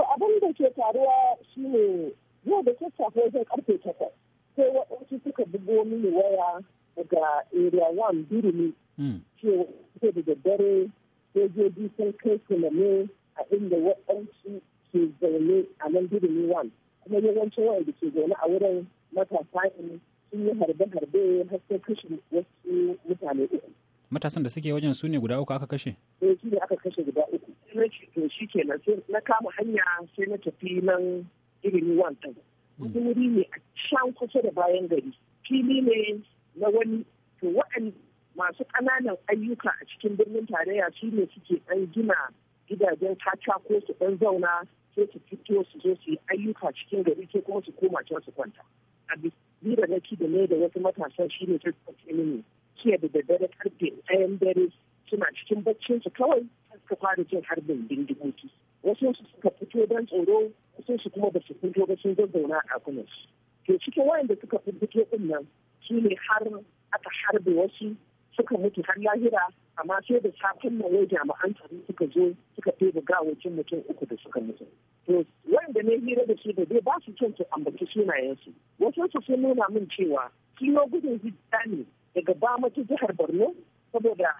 To abin da ke faruwa shi ne yau da sassafe wajen karfe takwas sai waɗansu suka bugo mini waya daga area one birni hmm. cewa da daddare sojoji sun kai kulame a inda waɗansu ke zaune a nan birni one kuma yawancin da ke zaune a wurin matasa ne sun yi harbe-harbe har sai kashe wasu mutane uku. Matasan da suke wajen su ne guda uku aka kashe? Eh, to shi ke na kama hanya sai na tafi nan ilimi wantan wani hmm. wuri ne a can kusa da bayan gari fili ne na wani to waɗanda masu ƙananan ayyuka a cikin birnin tarayya shi ne suke ɗan gina gidajen ko su ɗan zauna sai su fito su zo su yi ayyuka cikin gari sai kuma su koma can su kwanta a bi da naki da ne da wasu matasan shi ne ta ne kiyar da daddare karfe ɗayan dare suna cikin baccin su kawai suka fara jin harbin bindigogi wasu su suka fito don tsoro wasu su kuma ba su fito ba sun zazzauna a ɗakunan to cikin wayanda suka fito din nan su ne har aka harbe wasu suka mutu har lahira amma sai da safin nan wai jami'an tsaro suka zo suka ɗebe gawacin mutum uku da suka mutu to wanda ne hira da su da dai ba su kyan su ambaci sunayensu wasu su sun nuna min cewa kilo gudun hijira ne daga bamata jihar borno saboda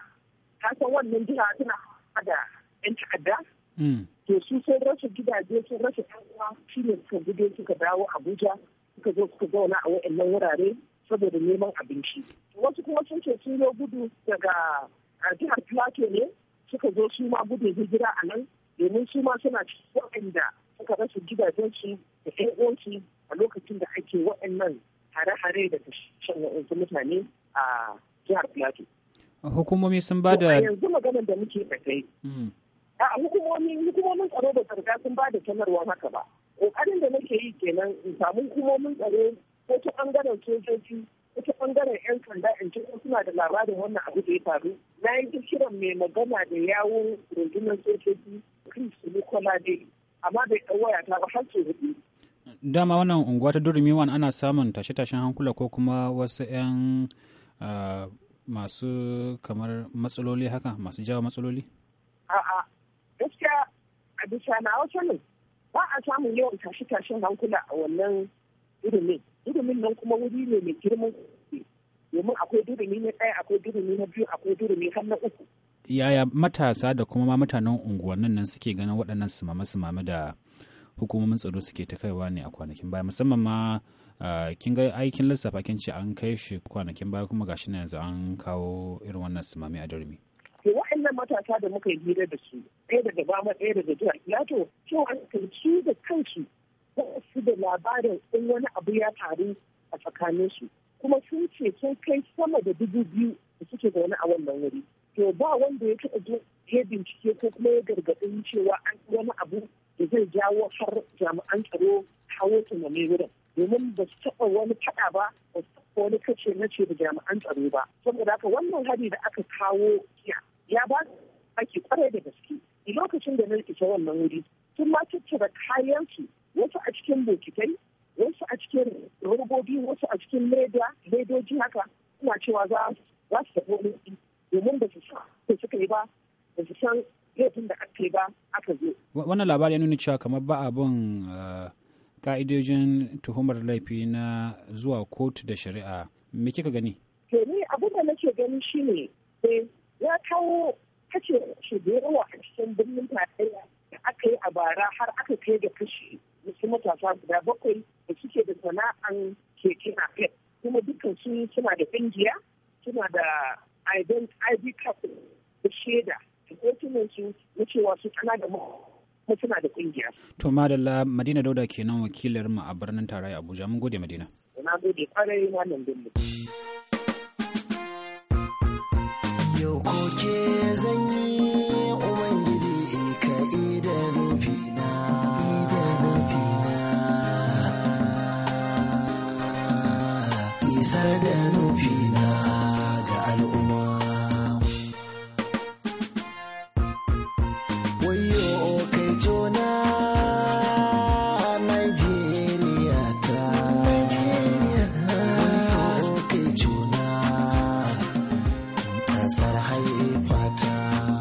san wannan jiha tana da 'yan ta'adda mm. to su sun rasa gidaje sun rasa uwa shi ne suka gudu suka dawo abuja suka zo suka zauna a wa'annan wurare saboda neman abinci wasu kuma sun ce sun yi gudu daga jihar plateau ne suka zo su ma gudu hijira a nan domin su ma suna waɗanda suka rasa gidajensu da ɗan uwansu a lokacin da ake waɗannan hare-hare da shan mutane a jihar plateau hukumomi sun ba da yanzu maganar da muke kai hmm. a hukumomi hukumomin tsaro ba sarka sun ba da haka ba kokarin da nake yi kenan in samu hukumomin tsaro ko ta bangaren sojoji ko ta bangaren yan sanda in ko suna da labarin wannan abu da ya faru na yi kiran mai magana da yawon rundunar sojoji chris nicola dai amma bai ɗan waya ta ba har ce hudu dama wannan unguwa ta durumi ana samun tashe-tashen hankula ko kuma wasu 'yan ah, masu kamar matsaloli haka masu jawo matsaloli? A'a, gaskiya a bisa na wasu ne ba a samu yawan tashi tashen hankula a wannan ilimin. Ilimin nan kuma wuri ne mai girman domin akwai durumi na ɗaya akwai durumi na biyu akwai durumi har na uku. Yaya matasa da kuma ma mutanen unguwannin nan suke ganin waɗannan sumame-sumame da hukumomin tsaro suke ta kaiwa ne a kwanakin baya musamman ma Ah, kin ga aikin lissafa kin ce an kai shi kwanakin baya kuma gashi na yanzu an kawo irin wannan sumami a to wa'annan matasa da muka yi hira da su ɗaya daga bama ɗaya daga jihar plateau cewa su da kansu su da labarin in wani abu ya taru a tsakanin tsakaninsu kuma sun ce sun kai sama da dubu biyu da suke wani a wannan wuri to ba wanda ya taɓa zo ya bincike ko kuma ya gargaɗin cewa an wani abu da zai jawo har taɓa wani faɗa ba ko wani kace na ce da jami'an tsaro ba saboda haka wannan hari da aka kawo jiya ya ba ake kwarai da gaske lokacin da na isa wannan wuri sun ma tattara kayansu wasu a cikin bokitai wasu a cikin robobi wasu a cikin leda ledoji haka suna cewa za su tafi wani domin ba su san suka yi ba ba su san laifin da aka yi ba aka zo. Wannan labari ya nuna cewa kamar ba bin eh, ka'idojin tuhumar laifi na zuwa kotu da shari'a me kika gani ni abin da nake gani shine eh, ya kawo kace shi da yawa a cikin birnin tarayya da aka yi a bara har aka kai da kashi wasu matasa guda bakwai da suke da sana'an keke na pet kuma dukkan su suna da kungiya suna da ident id card da shaida da kotunan su na cewa su tana da mawa kuma suna da kungiya. To Madalla Madina Dauda kenan wakilar mu a birnin tarayya Abuja mun gode Madina. Na gode kwarai wannan dillu. Yau koke zan yi Ubangiji da ƙasar haifata.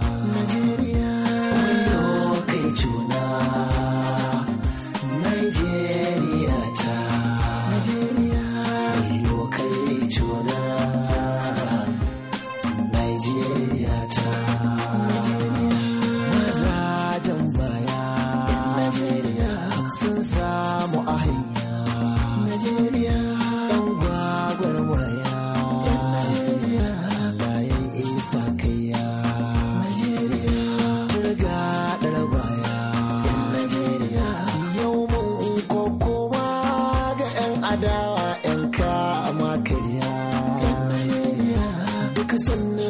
Cause I'm